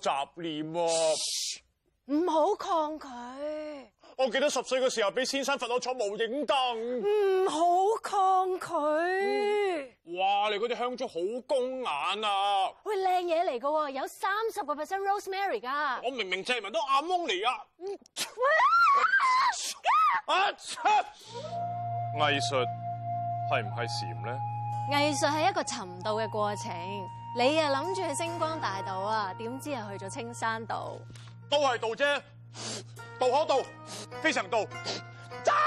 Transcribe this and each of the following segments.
雜念啊，唔好抗拒。我記得十歲嘅時候，俾先生罰我坐無影凳。唔好抗拒、嗯。哇！你嗰啲香燭好公眼啊！喂，靚嘢嚟噶，有三十個 percent rosemary 噶。我明明借埋都阿蒙嚟啊！藝術係唔係禪咧？藝術係一個尋道嘅過程。你啊諗住去星光大道啊，點知係去咗青山道？都係道啫，道可道，非常道。真，啊，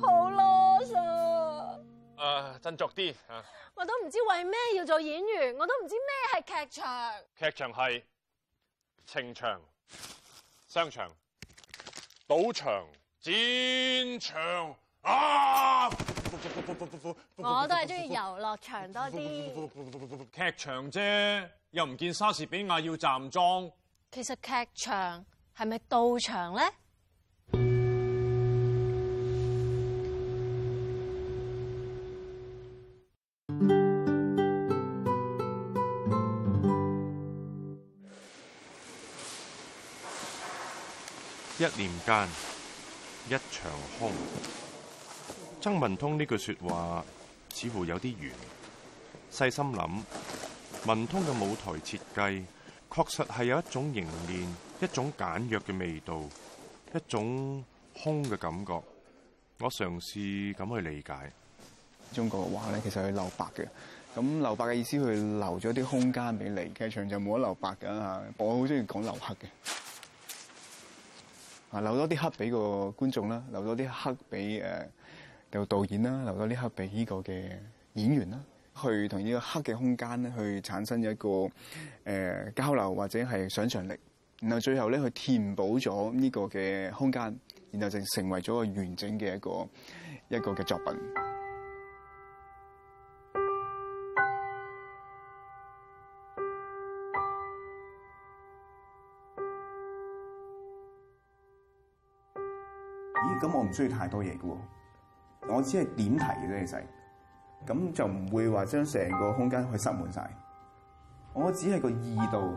好囉嗦。誒、啊，振作啲，啊。我都唔知為咩要做演員，我都唔知咩係劇場。劇場係情場、商場、賭場、戰場。啊！我都係中意遊樂場多啲。劇場啫，又唔見莎士比亞要站裝。其實劇場係咪道場咧？一年間，一場空。曾文通呢句說話似乎有啲玄，細心諗，文通嘅舞台設計確實係有一種凝練、一種簡約嘅味道，一種空嘅感覺。我嘗試咁去理解。中國嘅話咧，其實佢留白嘅，咁留白嘅意思，佢留咗啲空間俾你。劇場就冇得留白噶啦吓，我好中意講留黑嘅，啊留多啲黑俾個觀眾啦，留多啲黑俾誒。由導演啦留到呢刻俾呢個嘅演員啦，去同呢個黑嘅空間咧去產生一個誒、呃、交流或者係想像力，然後最後咧去填補咗呢個嘅空間，然後就成為咗個完整嘅一個一個嘅作品。咦、欸？咁我唔需要太多嘢嘅喎。我只係點題嘅啫，其實咁就唔會話將成個空間去塞滿晒。我只係個意度。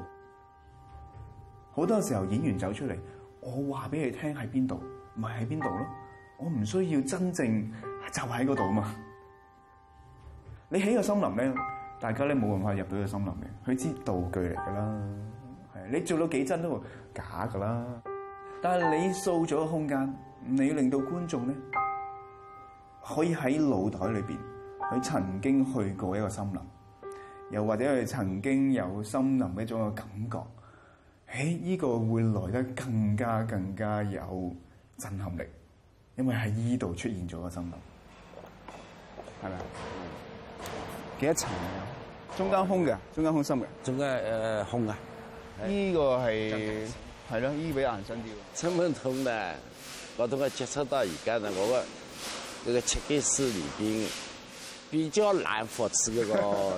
好多時候演員走出嚟，我話俾你聽喺邊度，咪喺邊度咯。我唔需要真正就喺嗰度啊嘛。你喺個森林咧，大家咧冇辦法入到個森林嘅。佢知道，道具嚟噶啦，你做到幾真都假噶啦。但係你掃咗個空間，你要令到觀眾咧。可以喺腦袋裏邊，佢曾經去過一個森林，又或者佢曾經有森林嗰種嘅感覺，誒、哎，依、這個會來得更加更加有震撼力，因為喺依度出現咗個森林，係咪啊？幾多層？中間空嘅，中間空心嘅，中間誒、呃、空啊？依、這個係係咯，依個硬身啲喎。真唔同嘅，我都係接觸到而家啦，我。個設計師裏邊比較難服侍嗰個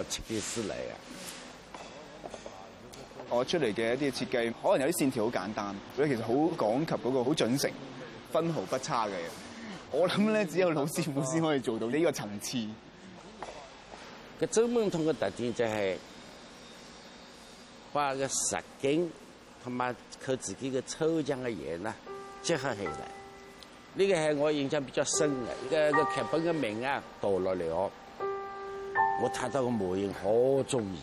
設計師嚟啊。 我出嚟嘅一啲設計，可能有啲線條好簡單，佢其實好講及嗰個好準成，分毫不差嘅。我諗咧，只有老師傅先可以做到呢個層次。個曾文通嘅特點就係、是、畫個實景，同埋佢自己嘅抽象嘅嘢啦，即刻起嚟。呢、這個係我印象比較深的，一、這個個劇本的名字啊，倒落嚟我看到這個模型好中意，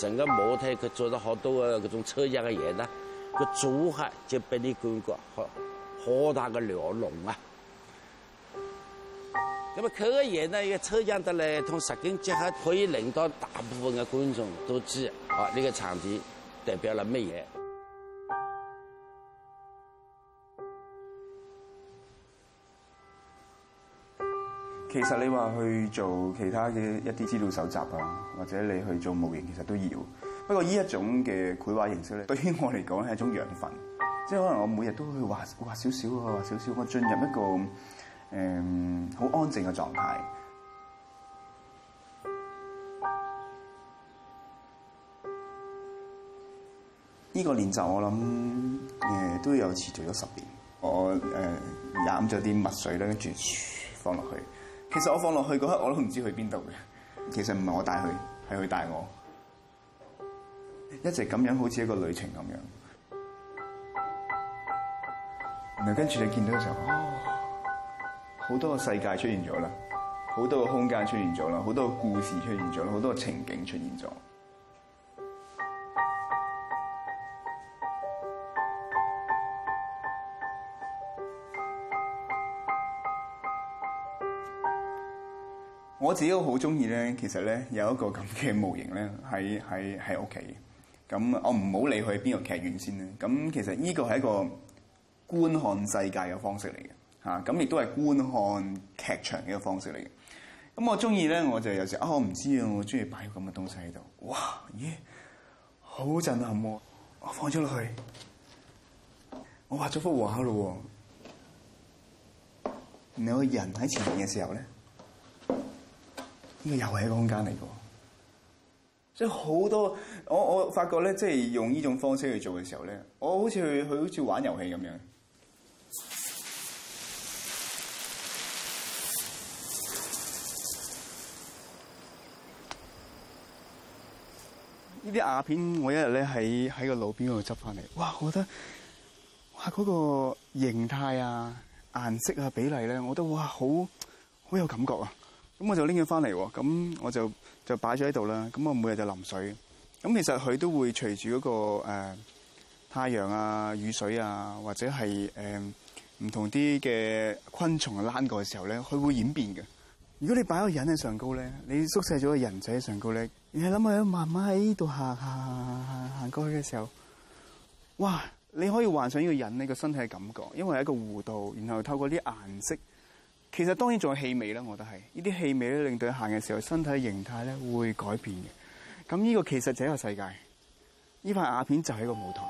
整個舞台做了好多個各種抽象的嘢呢，這個組合就俾你感覺好好，好大個鳥籠啊。咁麼，這個抽象嘅嘢呢？要抽象得來同實景結合，可以令到大部分嘅觀眾都知道，好、啊，這個場地代表了咩嘢？其實你話去做其他嘅一啲資料搜集啊，或者你去做模型，其實都要。不過呢一種嘅繪畫形式咧，對於我嚟講咧係一種養分，即係可能我每日都去畫畫少少，畫少少，我進入一個誒好、嗯、安靜嘅狀態。呢個練習我諗誒都有持續咗十年我。我誒飲咗啲墨水咧，跟住放落去。其實我放落去嗰刻我都唔知去邊度嘅，其實唔係我帶佢，係佢帶我，一直咁樣好似一個旅程咁樣。然後跟住你見到嘅時候，哦，好多個世界出現咗啦，好多個空間出現咗啦，好多個故事出現咗啦，好多個情景出現咗。我自己好中意咧，其實咧有一個咁嘅模型咧，喺喺喺屋企。咁我唔好理佢邊個劇院先啦。咁其實呢個係一個觀看世界嘅方式嚟嘅，嚇咁亦都係觀看劇場嘅一個方式嚟嘅。咁我中意咧，我就有時啊，我唔知啊，我中意擺咁嘅東西喺度。哇，咦，好震撼喎！我放咗落去，我畫咗幅畫咯喎。你個人喺前面嘅時候咧？呢個又係一個空間嚟嘅，即係好多我我發覺咧，即係用呢種方式去做嘅時候咧，我好似去去好似玩遊戲咁樣。呢啲瓦片，我一日咧喺喺個路邊度執翻嚟，哇！我覺得哇嗰個形態啊、顏色啊、比例咧，我都哇好好有感覺啊！咁我就拎佢翻嚟，咁我就就擺咗喺度啦。咁我每日就淋水。咁其實佢都會隨住嗰個誒、呃、太陽啊、雨水啊，或者係誒唔同啲嘅昆蟲躝過嘅時候咧，佢會演變嘅。如果你擺個人喺上高咧，你縮細咗個人仔喺上高咧，你諗下，慢慢喺呢度行行行行過去嘅時候，哇！你可以幻想呢個人呢個身體嘅感覺，因為係一個弧度，然後透過啲顏色。其實當然仲有氣味啦，我覺得係呢啲氣味咧，令到佢行嘅時候身體嘅形態咧會改變嘅。咁呢個其實就係一個世界，呢塊瓦片就係一個舞台。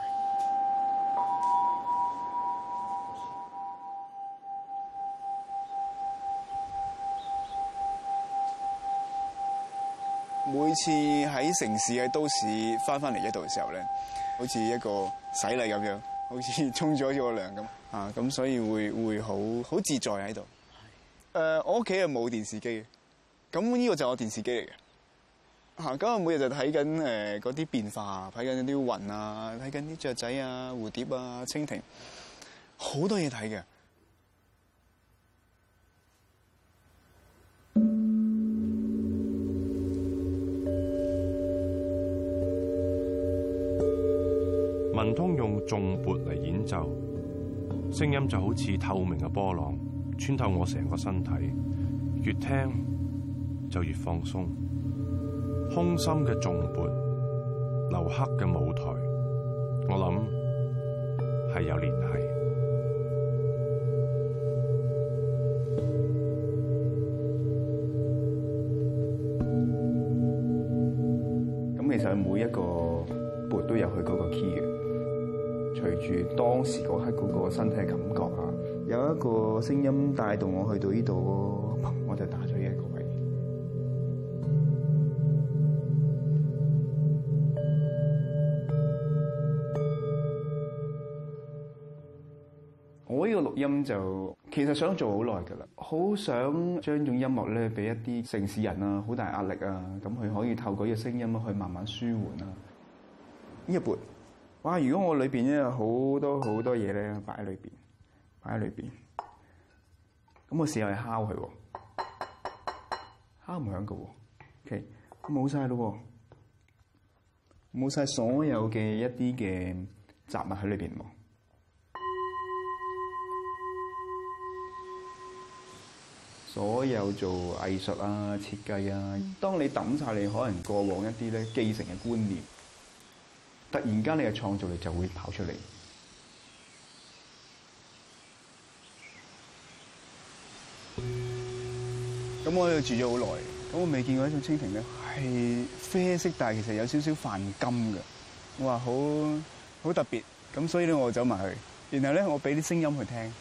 每次喺城市嘅都市翻返嚟一度嘅時候咧，好似一個洗禮咁樣，好似沖咗咗個涼咁啊！咁所以會會好好自在喺度。誒、呃，我屋企係冇電視機嘅，咁呢個就係我電視機嚟嘅嚇。咁我每日就睇緊誒嗰啲變化，睇緊啲雲啊，睇緊啲雀仔啊、蝴蝶啊、蜻蜓，好多嘢睇嘅。文通用重撥嚟演奏，聲音就好似透明嘅波浪。穿透我成個身體，越聽就越放鬆。空心嘅重撥，留黑嘅舞台，我諗係有聯繫。咁其實每一個撥都有佢嗰個 key 嘅。隨住當時嗰刻嗰個身體嘅感覺啊，有一個聲音帶動我去到呢度，我就打咗一個位。我呢個錄音就其實想做好耐㗎啦，好想將呢種音樂咧俾一啲城市人啊，好大壓力啊，咁佢可以透過呢個聲音去慢慢舒緩啊。呢個撥。哇！如果我裏邊咧有好多好多嘢咧，擺喺裏邊，擺喺裏邊。咁我試下去敲佢喎，敲唔響嘅喎。OK，冇晒咯喎，冇晒所有嘅一啲嘅雜物喺裏邊喎。所有做藝術啊、設計啊，當你抌晒你可能過往一啲咧繼承嘅觀念。突然間，你嘅創造力就會跑出嚟。咁我喺度住咗好耐，咁我未見過一種蜻蜓咧，係啡色，但係其實有少少泛金嘅。我話好好特別，咁所以咧我走埋去，然後咧我俾啲聲音去聽，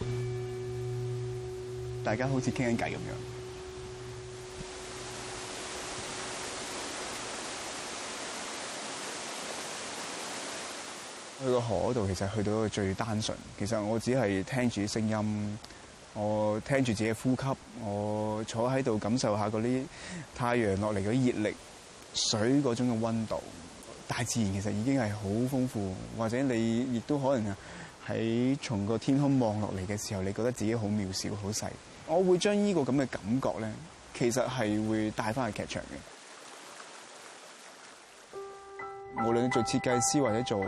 大家好似傾緊偈咁樣。去個河度，其實去到一個最單純。其實我只係聽住啲聲音，我聽住自己嘅呼吸，我坐喺度感受一下嗰啲太陽落嚟啲熱力、水嗰種嘅溫度。大自然其實已經係好豐富，或者你亦都可能啊，喺從個天空望落嚟嘅時候，你覺得自己好渺小、好細。我會將呢個咁嘅感覺咧，其實係會帶翻去劇場嘅。無論你做設計師或者做。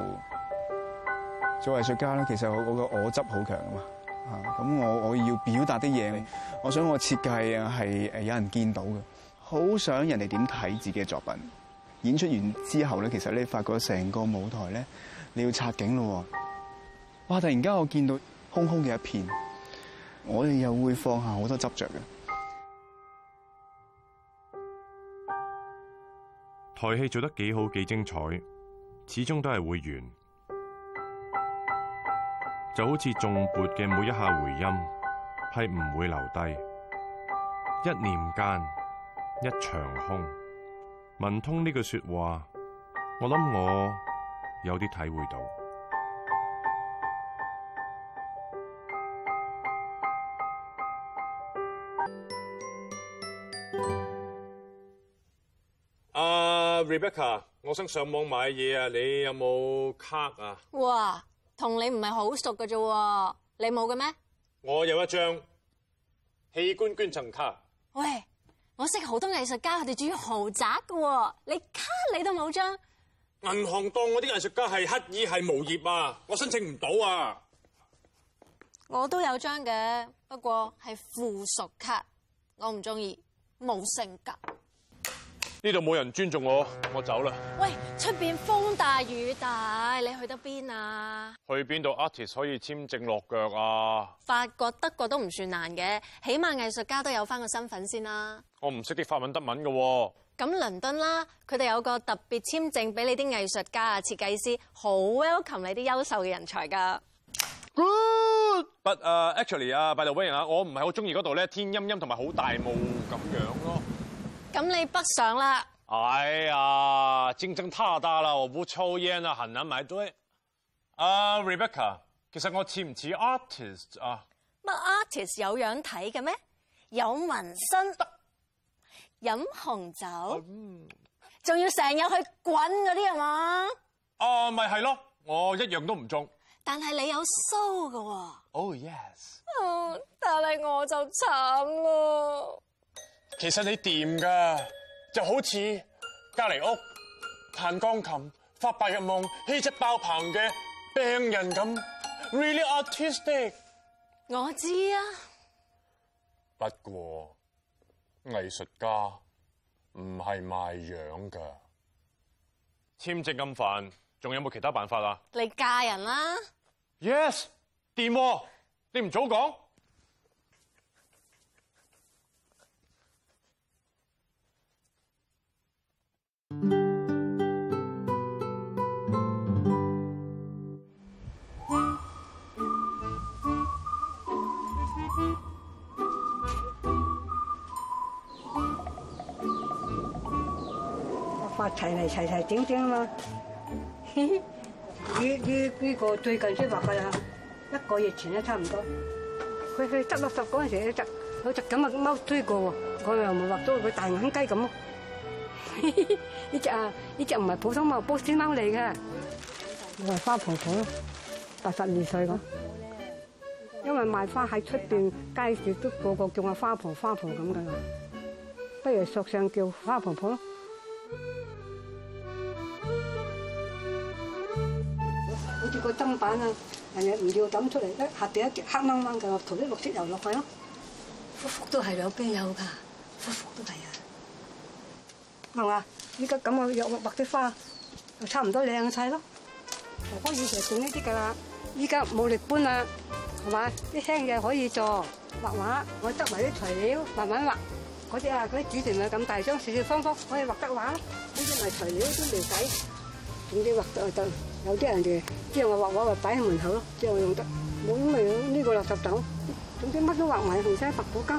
做藝術家咧，其實我我個我執好強啊嘛，啊咁我我要表達啲嘢，我想我設計啊係誒有人見到嘅，好想人哋點睇自己嘅作品。演出完之後咧，其實你發覺成個舞台咧，你要拆景咯喎，哇！突然間我見到空空嘅一片，我哋又會放下好多執着嘅。台戲做得幾好幾精彩，始終都係會完。就好似重撥嘅每一下回音，係唔會留低。一年間，一場空。文通呢句說話，我諗我有啲體會到。啊、uh, Rebecca，我想上網買嘢啊，你有冇卡啊？哇、wow.！同你唔係好熟嘅啫，你冇嘅咩？我有一張器官捐贈卡。喂，我識好多藝術家，佢哋住豪宅嘅，你卡你都冇張。銀行當我啲藝術家係乞兒係無業啊，我申請唔到啊。我都有一張嘅，不過係附屬卡，我唔中意，冇性格。呢度冇人尊重我，我走啦！喂，出邊風大雨大，你去得邊啊？去邊度？Artist 可以簽證落腳啊？法國、德國都唔算難嘅，起碼藝術家都有翻個身份先啦，啊。我唔識啲法文、德文嘅，啊。咁倫敦啦，佢哋有個特別簽證俾你啲藝術家啊、設計師，好 welcome 你啲優秀嘅人才噶。Good，but，uh, actually 啊，by the way 啊，我唔係好中意嗰度咧，天陰陰同埋好大霧咁樣。咁你北上啦？哎呀，競爭太大啦，我唔抽煙啊，很難埋堆。啊、uh,，Rebecca，其實我似唔似 artist 啊？乜、uh, artist 有樣睇嘅咩？有紋身，飲紅酒，仲、uh, 要成日去滾嗰啲係嘛？啊，咪係咯，我一樣都唔中。但係你有鬚嘅喎。Oh yes、oh,。但係我就慘啦。其實你掂噶，就好似隔籬屋彈鋼琴、發白日夢、氣質爆棚嘅病人咁，really artistic。我知啊，不過藝術家唔係賣樣噶，簽證咁煩，仲有冇其他辦法啊？你嫁人啦，啊！Yes，掂，你唔早講。畫齊齊齊齊整整啊嘛！呢呢呢個最近先畫噶啦，一個月前都差唔多。佢佢執垃圾嗰陣時，執好執咁啊，貓追過喎。我又咪畫咗佢大眼雞咁咯。呢隻啊，呢隻唔係普通貓，波斯貓嚟嘅。我係花婆婆，八十二歲咁。因為賣花喺出邊街住，都個個叫我花婆花婆咁噶。不如索性叫花婆婆咯。砧板啊，人哋唔要咁出嚟，一下掉一截黑掹掹嘅，塗啲綠色油落去咯。幅幅都係有機有㗎，幅幅都係啊，係嘛？依家咁我用白啲花，就差唔多靚晒咯。婆婆以前係種呢啲㗎啦，依家冇力搬啦，係嘛？啲輕嘅可以做，畫畫，我執埋啲材料慢慢畫。嗰啲啊，嗰啲紙條咪咁大張少少方方，可以畫得畫咯。好似埋材料都未使。總之畫得就得，有啲人哋，即係話畫畫話擺喺門口咯，即係用得，冇咁樣呢個垃圾桶，總之乜都畫埋紅色白果膠。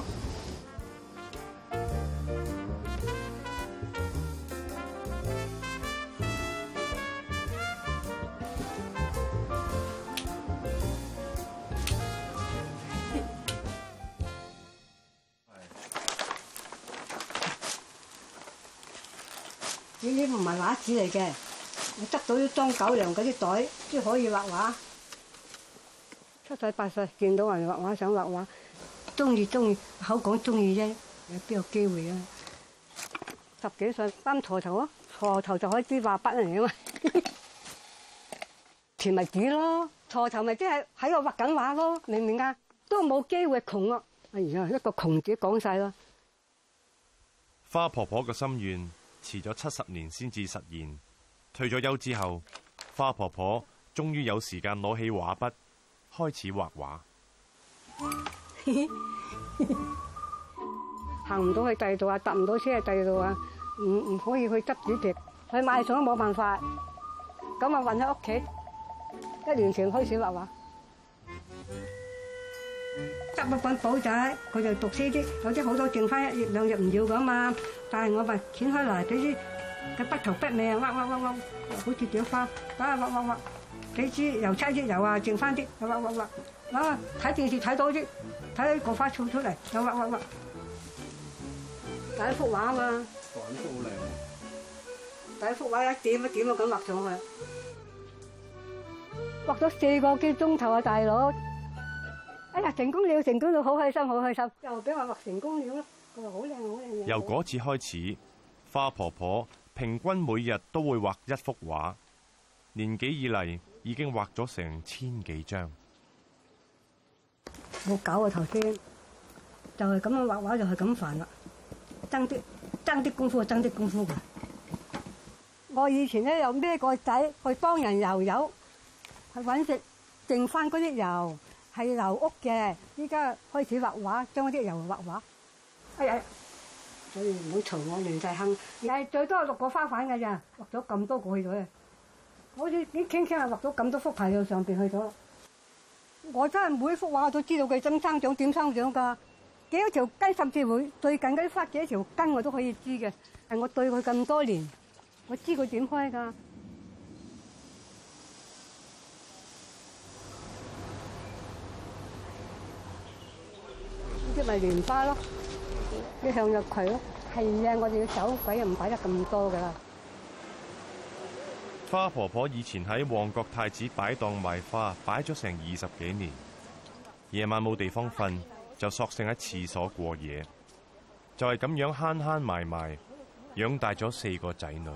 呢啲唔係畫紙嚟嘅。執到啲裝狗糧嗰啲袋，即係可以畫畫。七歲八歲見到人畫畫想畫畫，中意中意，口講中意啫。有邊有機會啊？十幾歲擔鋤頭咯，鋤頭，頭就可以知畫筆嚟噶嘛？田咪紙咯，鋤頭咪即係喺度畫緊畫咯，明唔明啊？都冇機會窮啊。哎呀，一個窮字講晒咯。花婆婆嘅心願遲咗七十年先至實現。退咗休之後，花婆婆終於有時間攞起畫筆，開始畫畫。行唔到去第二度啊，搭唔到車去第二度啊，唔唔可以去執住碟去買餸都冇辦法，咁啊韫喺屋企，一年前開始畫畫，執嗰份簿仔，佢就讀書啲，有啲好多剩翻，一兩頁唔要㗎嘛，但係我咪剪開嚟，俾啲。佢筆頭筆尾啊，畫畫畫畫，好似朵花啊，畫畫畫，幾枝又差啲，又啊，剩翻啲，畫畫畫啊，睇電視睇多啲，睇個花出出嚟，又畫畫畫，第一幅畫啊，第一幅好靚喎，第一幅畫一點一點咁畫上去，畫咗四個幾鐘頭啊，大佬，哎呀，成功了，成功到好開心，好開心，又俾我畫成功了咯，佢話好靚好靚嘅。由嗰次開始，花婆婆。平均每日都會畫一幅畫，年紀以嚟，已經畫咗成千幾張。我搞啊頭先，就係、是、咁樣畫畫就係咁煩啦。爭啲爭啲功夫，爭啲功夫嘅。我以前咧又孭個仔去幫人油油，去搵食，剩返嗰啲油係留屋嘅。依家開始畫畫，將嗰啲油畫畫。哎呀！所以唔好嘈我亂曬坑，係最多六個花瓣㗎咋，畫咗咁多個去咗。好似啲軒軒啊畫咗咁多幅喺上邊去咗。我真係每幅畫我都知道佢點生長點生長㗎。幾多條根甚至會最近啲花幾多條根我都可以知嘅。係我對佢咁多年，我知佢點開㗎。呢啲咪蓮花咯。你向日葵咯，係啊！我哋要走，鬼又唔擺得咁多噶啦。花婆婆以前喺旺角太子擺檔賣花，擺咗成二十幾年。夜晚冇地方瞓，就索性喺廁所過夜，就係、是、咁樣慳慳埋埋，養大咗四個仔女。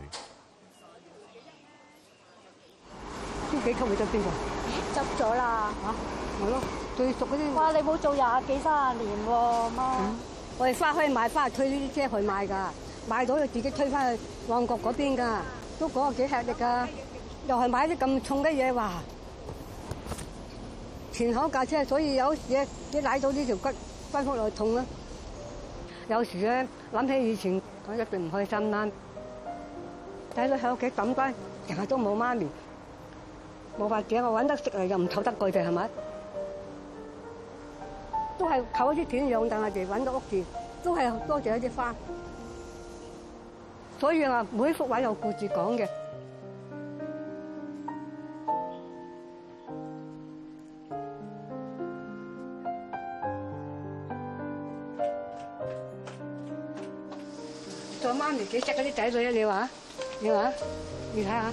啲幾級咪執咗，執咗啦吓？係、啊、咯，最熟嗰啲。哇！你冇做廿幾三十年喎、啊，媽。嗯我哋花墟買花推呢啲車去買噶，買到又自己推返去旺角嗰邊噶，都講幾吃力噶，又係買啲咁重嘅嘢，哇！前後架車，所以有時你拉到呢條骨，恢復落嚟，痛啦。有時咧諗起以前，講一定唔開心啦。睇到喺屋企等低，成日都冇媽咪，冇飯食，我搵得食嚟，又唔湊得佢哋，係咪？都係靠一啲田養，但係就揾到屋住，都係多謝一啲花。所以話每一幅畫有故事講嘅。做媽咪幾識嗰啲仔女啊？你看你看你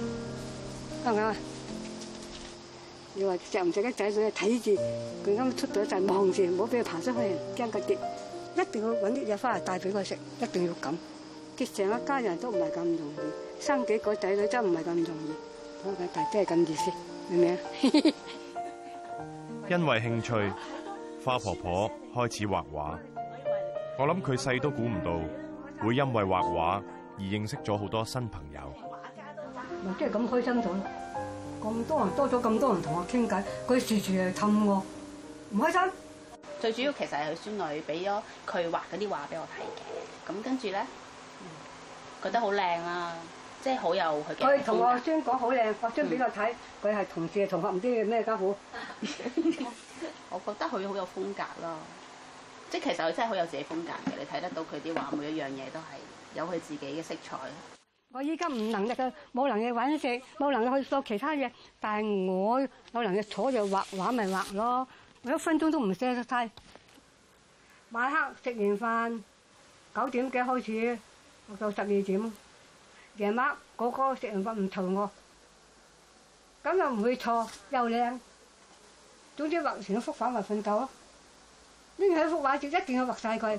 睇下，啊！你話錫唔錫啲仔女？睇住佢啱出到一陣望住，唔好俾佢爬出去，驚佢跌。一定要搵啲嘢返嚟帶俾佢食，一定要咁。結成一家人都唔係咁容易，生幾個仔女真唔係咁容易。咁但係都係咁意思，明唔明？ 因為興趣，花婆婆開始畫畫。我諗佢細都估唔到，會因為畫畫而認識咗好多新朋友。即係咁開心咗。咁多人多咗，咁多人同我傾偈，佢住住去氹我，唔開心。最主要其實係佢孫女俾咗佢畫嗰啲畫俾我睇嘅，咁跟住咧覺得好靚啦，即係好有佢嘅，佢同我孫講好靚，畫張俾我睇。佢、嗯、係同事嘅同學，唔知咩家伙。 我覺得佢好有風格咯，即、就、係、是、其實佢真係好有自己風格嘅，你睇得到佢啲畫，每一樣嘢都係有佢自己嘅色彩。我依家唔能力啊，冇能力揾食，冇能力去做其他嘢。但係我有能力坐住畫畫咪畫咯，我一分鐘都唔捨得嘥。晚黑食完飯九點幾開始，到十二點。夜晚哥哥食完飯唔嘈我，咁又唔會錯，又靚。總之畫完一幅畫咪瞓覺咯，呢係一幅畫，就一定要畫晒佢。